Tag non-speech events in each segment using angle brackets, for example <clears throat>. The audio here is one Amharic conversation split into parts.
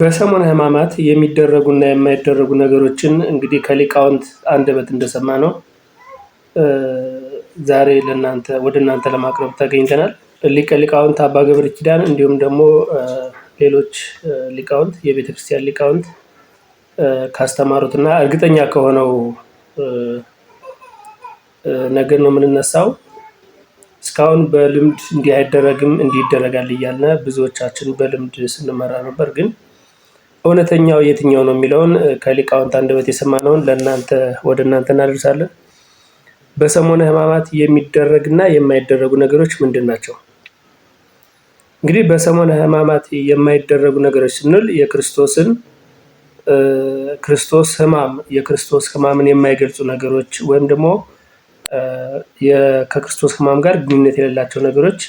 በሰሞነ ሕማማት የሚደረጉና የማይደረጉ ነገሮችን እንግዲህ ከሊቃውንት አንደበት ነው። ዛሬ ለእናንተ ወደ እናንተ ለማቅረብ ተገኝተናል። ሊቀ ሊቃውንት አባ ገብረ ኪዳን እንዲሁም ደግሞ ሌሎች ሊቃውንት የቤተ ክርስቲያን ሊቃውንት ካስተማሩትና እርግጠኛ ከሆነው ነገር ነው የምንነሳው። እስካሁን በልምድ እንዲህ አይደረግም እንዲህ ይደረጋል እያልን ብዙዎቻችን በልምድ ስንመራ ነበር ግን እውነተኛው የትኛው ነው የሚለውን ከሊቃውንት አንደበት የሰማነውን ለእናንተ ወደ እናንተ እናደርሳለን። በሰሞነ ሕማማት የሚደረግና የማይደረጉ ነገሮች ምንድን ናቸው? እንግዲህ በሰሞነ ሕማማት የማይደረጉ ነገሮች ስንል የክርስቶስን ክርስቶስ ሕማም የክርስቶስ ሕማምን የማይገልጹ ነገሮች ወይም ደግሞ ከክርስቶስ ሕማም ጋር ግንኙነት የሌላቸው ነገሮች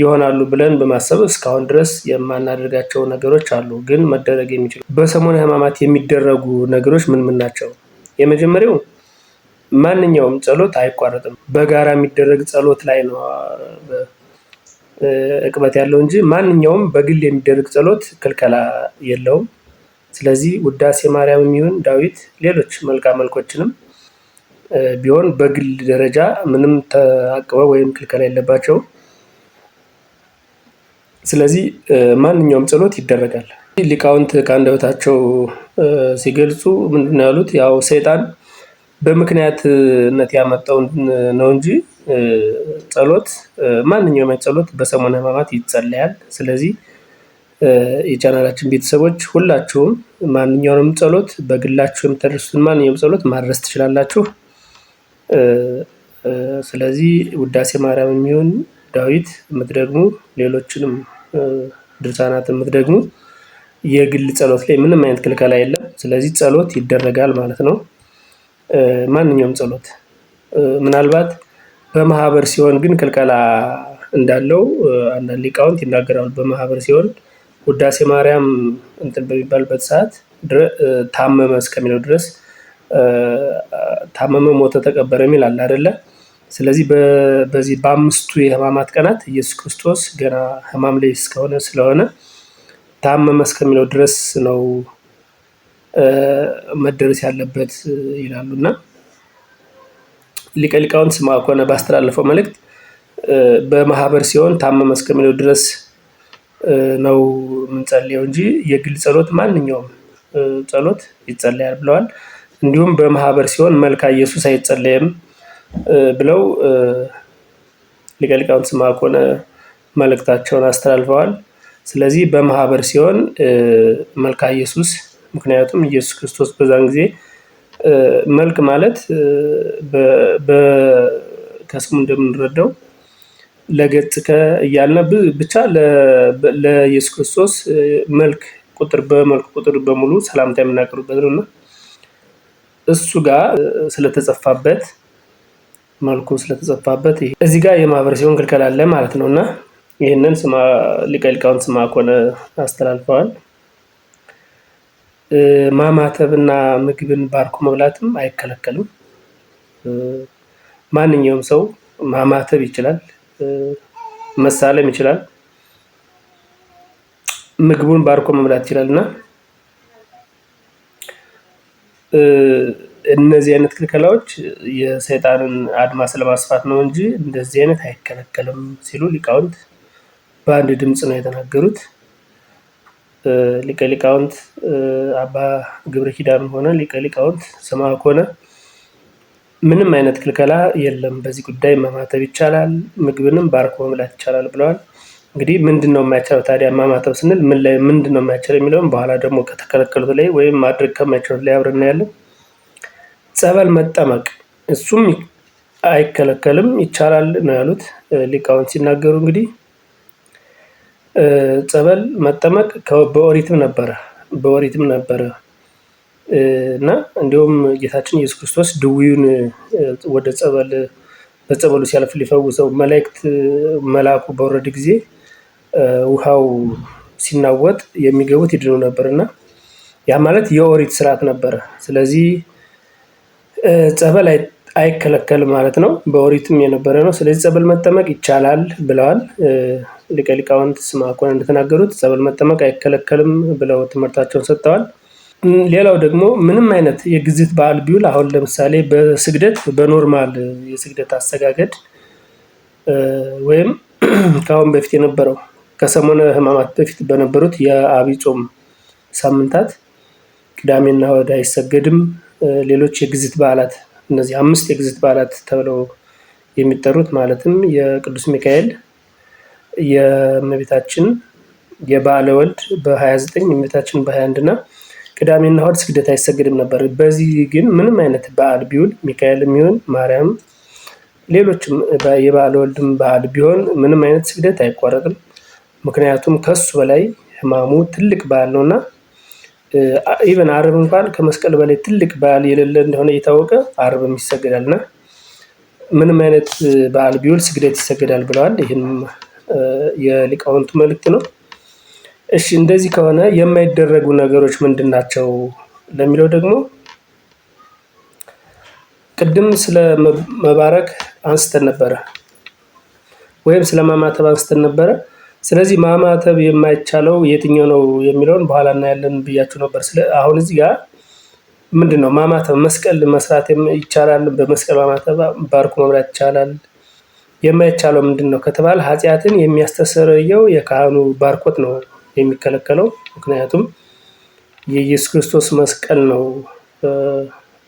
ይሆናሉ ብለን በማሰብ እስካሁን ድረስ የማናደርጋቸው ነገሮች አሉ። ግን መደረግ የሚችሉ በሰሞነ ሕማማት የሚደረጉ ነገሮች ምን ምን ናቸው? የመጀመሪያው ማንኛውም ጸሎት አይቋረጥም። በጋራ የሚደረግ ጸሎት ላይ ነው እቅበት ያለው እንጂ ማንኛውም በግል የሚደረግ ጸሎት ክልከላ የለውም። ስለዚህ ውዳሴ ማርያም የሚሆን ዳዊት፣ ሌሎች መልካ መልኮችንም ቢሆን በግል ደረጃ ምንም ተአቅበው ወይም ክልከላ የለባቸውም። ስለዚህ ማንኛውም ጸሎት ይደረጋል። ሊቃውንት ከአንደበታቸው ሲገልጹ ምንድነው ያሉት? ያው ሰይጣን በምክንያትነት ያመጣውን ነው እንጂ ጸሎት ማንኛውም ጸሎት በሰሙነ ሕማማት ይጸለያል። ስለዚህ የቻናላችን ቤተሰቦች ሁላችሁም ማንኛውንም ጸሎት በግላችሁ የምታደርሱትን ማንኛውም ጸሎት ማድረስ ትችላላችሁ። ስለዚህ ውዳሴ ማርያም የሚሆን ዳዊት የምትደግሙ ሌሎችንም ድርሳናት የምትደግሙ የግል ጸሎት ላይ ምንም አይነት ክልከላ የለም። ስለዚህ ጸሎት ይደረጋል ማለት ነው። ማንኛውም ጸሎት ምናልባት በማህበር ሲሆን ግን ክልከላ እንዳለው አንዳንድ ሊቃውንት ይናገራሉ። በማህበር ሲሆን ውዳሴ ማርያም እንትን በሚባልበት ሰዓት ታመመ እስከሚለው ድረስ ታመመ፣ ሞተ፣ ተቀበረ የሚል አለ አይደለ? ስለዚህ በዚህ በአምስቱ የህማማት ቀናት ኢየሱስ ክርስቶስ ገና ህማም ላይ እስከሆነ ስለሆነ ታመመ እስከሚለው ድረስ ነው መደረስ ያለበት ይላሉ እና ሊቀ ሊቃውንት ኮነ ባስተላለፈው መልእክት በማህበር ሲሆን ታመመ እስከሚለው ድረስ ነው የምንጸልየው እንጂ የግል ጸሎት ማንኛውም ጸሎት ይጸለያል ብለዋል። እንዲሁም በማህበር ሲሆን መልካ ኢየሱስ አይጸለየም። ብለው ሊቀ ሊቃውንት ስምዐ መልእክታቸውን አስተላልፈዋል። ስለዚህ በማህበር ሲሆን መልካ ኢየሱስ፣ ምክንያቱም ኢየሱስ ክርስቶስ በዛን ጊዜ መልክ ማለት ከስሙ እንደምንረዳው ለገጽ እያልነ ብቻ ለኢየሱስ ክርስቶስ መልክ ቁጥር በመልክ ቁጥር በሙሉ ሰላምታ የምናቀርብበት ነው እና እሱ ጋር ስለተጸፋበት መልኩ ስለተጸፋበት እዚህ ጋር የማህበረ ሲሆን ክልከላ አለ ማለት ነው እና ይህንን ሊቀ ሊቃውንት ስምዐ ኮነ አስተላልፈዋል። እና ምግብን ባርኮ መብላትም አይከለከልም። ማንኛውም ሰው ማማተብ ይችላል፣ መሳለም ይችላል፣ ምግቡን ባርኮ መብላት ይችላል እና እነዚህ አይነት ክልከላዎች የሰይጣንን አድማስ ለማስፋት ነው እንጂ እንደዚህ አይነት አይከለከልም ሲሉ ሊቃውንት በአንድ ድምፅ ነው የተናገሩት። ሊቀ ሊቃውንት አባ ግብረ ኪዳን ሆነ ሊቀ ሊቃውንት ሆነ ምንም አይነት ክልከላ የለም፣ በዚህ ጉዳይ መማተብ ይቻላል፣ ምግብንም ባርኮ መብላት ይቻላል ብለዋል። እንግዲህ ምንድን ነው የማይቻለው ታዲያ? ማማተብ ስንል ምንድን ነው የማይቻለው የሚለውን በኋላ ደግሞ ከተከለከሉት ላይ ወይም ማድረግ ከማይቻሉት ላይ አብረና ያለን። ጸበል መጠመቅ እሱም አይከለከልም ይቻላል ነው ያሉት ሊቃውንት ሲናገሩ እንግዲህ ጸበል መጠመቅ በኦሪትም ነበረ በኦሪትም ነበረ እና እንዲሁም ጌታችን ኢየሱስ ክርስቶስ ድውዩን ወደ ጸበል በጸበሉ ሲያልፍ ሊፈውሰው መላእክት መልአኩ በወረድ ጊዜ ውሃው ሲናወጥ የሚገቡት ይድኑ ነበር እና ያ ማለት የኦሪት ስርዓት ነበረ። ስለዚህ ጸበል አይከለከልም ማለት ነው። በኦሪትም የነበረ ነው። ስለዚህ ጸበል መጠመቅ ይቻላል ብለዋል ሊቀ ሊቃውንት እንደተናገሩት ጸበል መጠመቅ አይከለከልም ብለው ትምህርታቸውን ሰጥተዋል። ሌላው ደግሞ ምንም አይነት የግዝት በዓል ቢውል አሁን ለምሳሌ በስግደት በኖርማል የስግደት አሰጋገድ ወይም <clears throat> ከአሁን በፊት የነበረው ከሰሞነ ሕማማት በፊት በነበሩት የዐቢይ ጾም ሳምንታት ቅዳሜና እሑድ አይሰገድም። ሌሎች የግዝት በዓላት እነዚህ አምስት የግዝት በዓላት ተብለው የሚጠሩት ማለትም የቅዱስ ሚካኤል፣ የእመቤታችን፣ የበዓለ ወልድ በ29 የእመቤታችን በ21 እና ቅዳሜና እሑድ ስግደት አይሰግድም ነበር። በዚህ ግን ምንም አይነት በዓል ቢውል ሚካኤል የሚሆን ማርያም፣ ሌሎችም የበዓለ ወልድም በዓል ቢሆን ምንም አይነት ስግደት አይቋረጥም። ምክንያቱም ከሱ በላይ ህማሙ ትልቅ በዓል ነውና ኢቨን አርብ እንኳን ከመስቀል በላይ ትልቅ በዓል የሌለ እንደሆነ እየታወቀ አርብም ይሰገዳል እና ምንም አይነት በዓል ቢውል ስግደት ይሰገዳል ብለዋል። ይህንም የሊቃውንቱ መልእክት ነው። እሺ እንደዚህ ከሆነ የማይደረጉ ነገሮች ምንድን ናቸው ለሚለው ደግሞ ቅድም ስለ መባረክ አንስተን ነበረ፣ ወይም ስለ ማማተብ አንስተን ነበረ። ስለዚህ ማማተብ የማይቻለው የትኛው ነው የሚለውን በኋላ እናያለን ብያችሁ ነበር። አሁን እዚህ ጋር ምንድነው ማማተብ? መስቀል መስራት ይቻላል። በመስቀል ማማተብ ባርኩ መብላት ይቻላል። የማይቻለው ነው ከተባለ ኃጢአትን የሚያስተሰረየው የካህኑ ባርኮት ነው የሚከለከለው። ምክንያቱም የኢየሱስ ክርስቶስ መስቀል ነው፣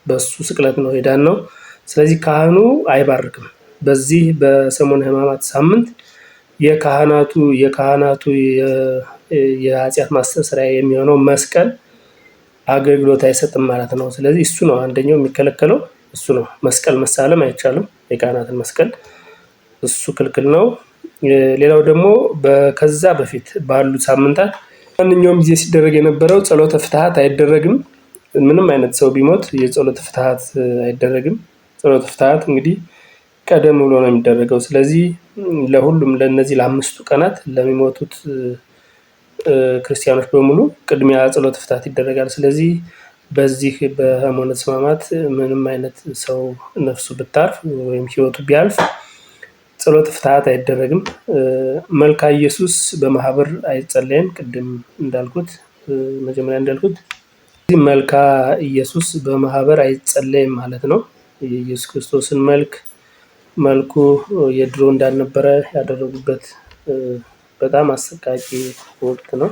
በሱ ስቅለት ነው ነው። ስለዚህ ካህኑ አይባርክም። በዚህ በሰሙነ ሕማማት ሳምንት የካህናቱ የካህናቱ የኃጢአት ማስተስሪያ የሚሆነው መስቀል አገልግሎት አይሰጥም ማለት ነው። ስለዚህ እሱ ነው አንደኛው የሚከለከለው እሱ ነው። መስቀል መሳለም አይቻልም። የካህናትን መስቀል እሱ ክልክል ነው። ሌላው ደግሞ ከዛ በፊት ባሉ ሳምንታት ማንኛውም ጊዜ ሲደረግ የነበረው ጸሎተ ፍትሐት አይደረግም። ምንም አይነት ሰው ቢሞት የጸሎተ ፍትሐት አይደረግም። ጸሎተ ፍትሐት እንግዲህ ቀደም ብሎ ነው የሚደረገው። ስለዚህ ለሁሉም ለነዚህ ለአምስቱ ቀናት ለሚሞቱት ክርስቲያኖች በሙሉ ቅድሚያ ጸሎት ፍታት ይደረጋል። ስለዚህ በዚህ በሰሙነ ሕማማት ምንም አይነት ሰው ነፍሱ ብታርፍ ወይም ህይወቱ ቢያልፍ ጸሎት ፍትሐት አይደረግም። መልካ ኢየሱስ በማህበር አይጸለይም። ቅድም እንዳልኩት መጀመሪያ እንዳልኩት መልካ ኢየሱስ በማህበር አይጸለይም ማለት ነው። የኢየሱስ ክርስቶስን መልክ መልኩ የድሮ እንዳልነበረ ያደረጉበት በጣም አሰቃቂ ወቅት ነው።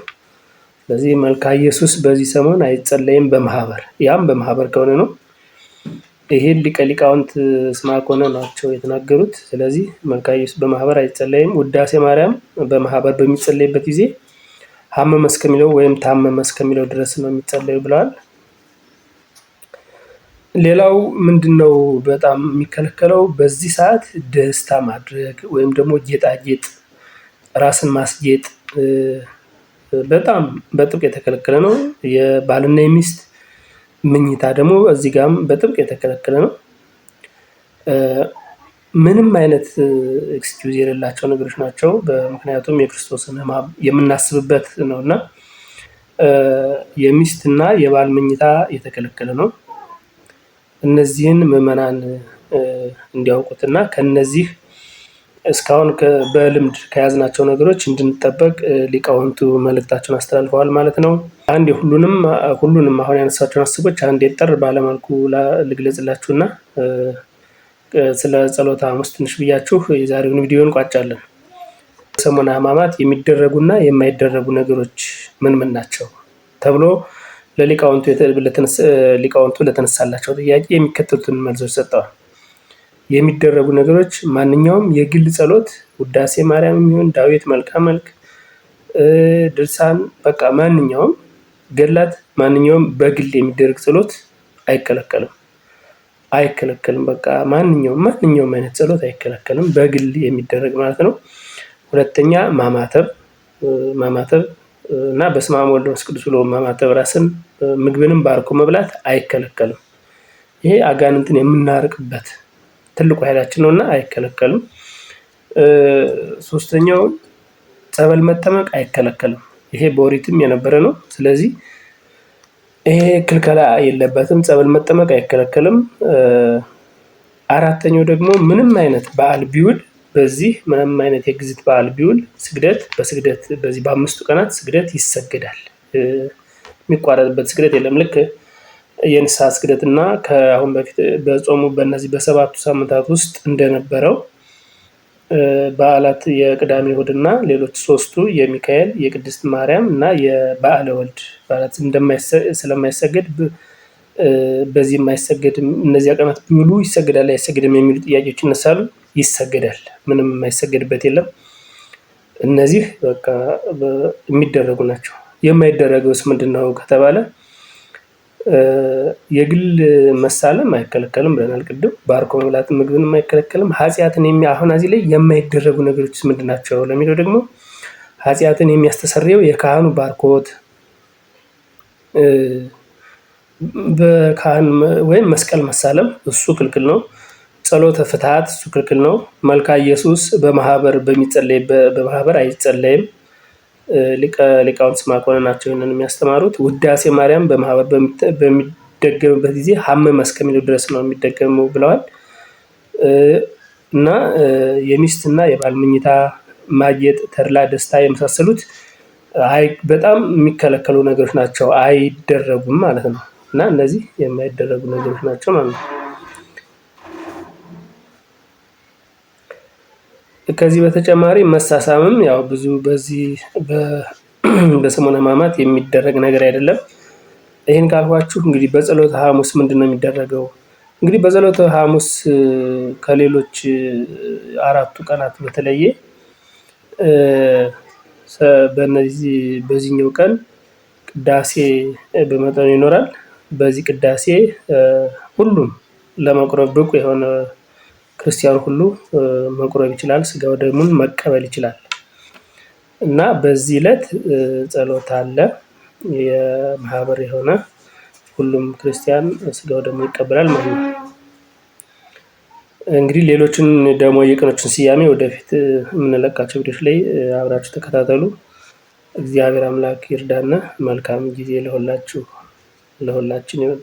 ስለዚህ መልካ ኢየሱስ በዚህ ሰሞን አይጸለይም በማህበር ያም በማህበር ከሆነ ነው። ይሄን ሊቀ ሊቃውንት ስማ ከሆነ ናቸው የተናገሩት። ስለዚህ መልካ ኢየሱስ በማህበር አይጸለይም። ውዳሴ ማርያም በማህበር በሚጸለይበት ጊዜ ሀመመ እስከሚለው ወይም ታመመ እስከሚለው ድረስ ነው የሚጸለዩ ብለዋል። ሌላው ምንድነው በጣም የሚከለከለው በዚህ ሰዓት ደስታ ማድረግ ወይም ደግሞ ጌጣጌጥ ራስን ማስጌጥ በጣም በጥብቅ የተከለከለ ነው። የባልና የሚስት መኝታ ደግሞ እዚህ ጋም በጥብቅ የተከለከለ ነው። ምንም አይነት ኤክስኪዩዝ የሌላቸው ነገሮች ናቸው። በምክንያቱም የክርስቶስን ሕማም የምናስብበት ነው እና የሚስትና የባል መኝታ የተከለከለ ነው እነዚህን ምዕመናን እንዲያውቁትና ከነዚህ እስካሁን በልምድ ከያዝናቸው ነገሮች እንድንጠበቅ ሊቃውንቱ መልእክታቸውን አስተላልፈዋል ማለት ነው። አንድ ሁሉንም ሁሉንም አሁን ያነሳቸውን ሀሳቦች አንድ የጠር ባለመልኩ ልግለጽላችሁና ስለ ጸሎተ ሐሙስ ትንሽ ብያችሁ የዛሬውን ቪዲዮ እንቋጫለን። ሰሙነ ሕማማት የሚደረጉና የማይደረጉ ነገሮች ምን ምን ናቸው ተብሎ ለሊቃውንቱ ሊቃውንቱ ለተነሳላቸው ጥያቄ የሚከተሉትን መልሶች ሰጠዋል። የሚደረጉ ነገሮች ማንኛውም የግል ጸሎት፣ ውዳሴ ማርያም የሚሆን ዳዊት፣ መልካ መልክ፣ ድርሳን፣ በቃ ማንኛውም ገላት፣ ማንኛውም በግል የሚደረግ ጸሎት አይከለከልም አይከለከልም። በቃ ማንኛውም ማንኛውም አይነት ጸሎት አይከለከልም፣ በግል የሚደረግ ማለት ነው። ሁለተኛ ማማተብ ማማተብ እና በስመ አብ ወወልድ ወመንፈስ ቅዱስ ብሎ ማማተብ ራስን ምግብንም ባርኮ መብላት አይከለከልም። ይሄ አጋንንትን የምናርቅበት ትልቁ ኃይላችን ነው እና አይከለከልም። ሶስተኛው ጸበል መጠመቅ አይከለከልም። ይሄ በኦሪትም የነበረ ነው። ስለዚህ ይሄ ክልከላ የለበትም። ጸበል መጠመቅ አይከለከልም። አራተኛው ደግሞ ምንም አይነት በዓል ቢውል በዚህ ምንም አይነት የግዝት በዓል ቢውል ስግደት በስግደት በዚህ በአምስቱ ቀናት ስግደት ይሰገዳል። የሚቋረጥበት ስግደት የለም። ልክ የንስሐ ስግደት እና ከአሁን በፊት በጾሙ በእነዚህ በሰባቱ ሳምንታት ውስጥ እንደነበረው በዓላት የቅዳሜ እሑድና ሌሎች ሶስቱ የሚካኤል፣ የቅድስት ማርያም እና የበዓለ ወልድ በዓላት ስለማይሰገድ በዚህም አይሰገድም፣ እነዚህ ቀናት ቢውሉ ይሰገዳል አይሰገድም የሚሉ ጥያቄዎች ይነሳሉ። ይሰገዳል። ምንም የማይሰገድበት የለም። እነዚህ በቃ የሚደረጉ ናቸው። የማይደረገውስ ምንድን ነው ከተባለ የግል መሳለም አይከለከልም ብለናል ቅድም። ባርኮ መብላት ምግብን አይከለከልም። ኃጢአትን አሁን እዚህ ላይ የማይደረጉ ነገሮች ምንድን ናቸው ለሚለው ደግሞ ኃጢአትን የሚያስተሰርየው የካህኑ ባርኮት በካህን ወይም መስቀል መሳለም እሱ ክልክል ነው። ጸሎተ ፍትሐት እሱ ክልክል ነው። መልካ ኢየሱስ በማህበር በሚጸለይ በማህበር አይጸለይም። ሊቃውንት ስማ ከሆነ ናቸው ይህንን የሚያስተማሩት። ውዳሴ ማርያም በማህበር በሚደገምበት ጊዜ ሀመመ እስከሚለው ድረስ ነው የሚደገመው ብለዋል። እና የሚስትና የባል ምኝታ ማጌጥ፣ ተድላ፣ ደስታ የመሳሰሉት በጣም የሚከለከሉ ነገሮች ናቸው፣ አይደረጉም ማለት ነው። እና እነዚህ የማይደረጉ ነገሮች ናቸው ማለት ነው። ከዚህ በተጨማሪ መሳሳምም ያው ብዙ በዚህ <clears throat> በሰሙነ ሕማማት የሚደረግ ነገር አይደለም። ይህን ካልኳችሁ እንግዲህ በጸሎተ ሐሙስ ምንድን ነው የሚደረገው? እንግዲህ በጸሎተ ሐሙስ ከሌሎች አራቱ ቀናት በተለየ በነዚህ በዚህኛው ቀን ቅዳሴ በመጠኑ ይኖራል። በዚህ ቅዳሴ ሁሉም ለመቁረብ ብቁ የሆነ ክርስቲያን ሁሉ መቁረብ ይችላል። ስጋው ደሙን መቀበል ይችላል እና በዚህ ዕለት ጸሎት አለ። የማህበር የሆነ ሁሉም ክርስቲያን ስጋው ደግሞ ይቀበላል ማለት ነው። እንግዲህ ሌሎችን ደግሞ የቀኖችን ስያሜ ወደፊት የምንለቃቸው ቪዲዮች ላይ አብራችሁ ተከታተሉ። እግዚአብሔር አምላክ ይርዳና። መልካም ጊዜ ለሁላችሁ። ለሁላችን ይሁን።